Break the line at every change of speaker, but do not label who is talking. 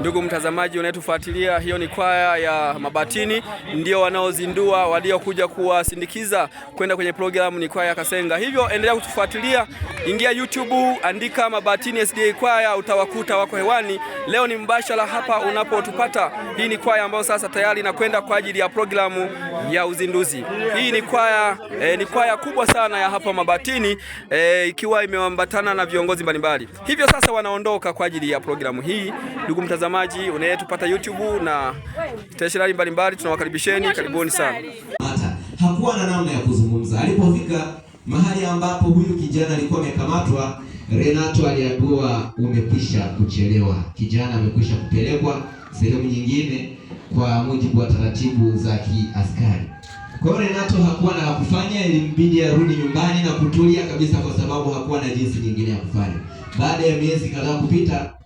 Ndugu mtazamaji unayetufuatilia, hiyo ni kwaya ya Mabatini, ndio wanaozindua. Waliokuja kuwasindikiza kwenda kwenye programu ni kwaya ya Kasenga. Hivyo endelea kutufuatilia, ingia YouTube, andika Mabatini SDA kwaya, utawakuta wako hewani. Leo ni mbashara hapa unapotupata. Hii ni kwaya ambayo sasa tayari inakwenda kwa ajili ya programu ya uzinduzi. Hii ni kwaya e, ni kwaya kubwa sana ya hapa Mabatini e, ikiwa imeambatana na viongozi mbalimbali. Hivyo sasa wanaondoka kwa ajili ya programu hii, ndugu mtazamaji mtazamaji unayetupata YouTube na stationari mbalimbali, tunawakaribisheni, karibuni sana.
Hata hakuwa na namna ya kuzungumza. Alipofika mahali ambapo huyu kijana alikuwa amekamatwa, Renato aliambiwa umekwisha kuchelewa, kijana amekwisha kupelekwa sehemu nyingine kwa mujibu wa taratibu za kiaskari. Kwa hiyo Renato hakuwa na kufanya, ilimbidi arudi nyumbani na kutulia kabisa, kwa sababu hakuwa na jinsi nyingine ya kufanya. Baada ya miezi kadhaa kupita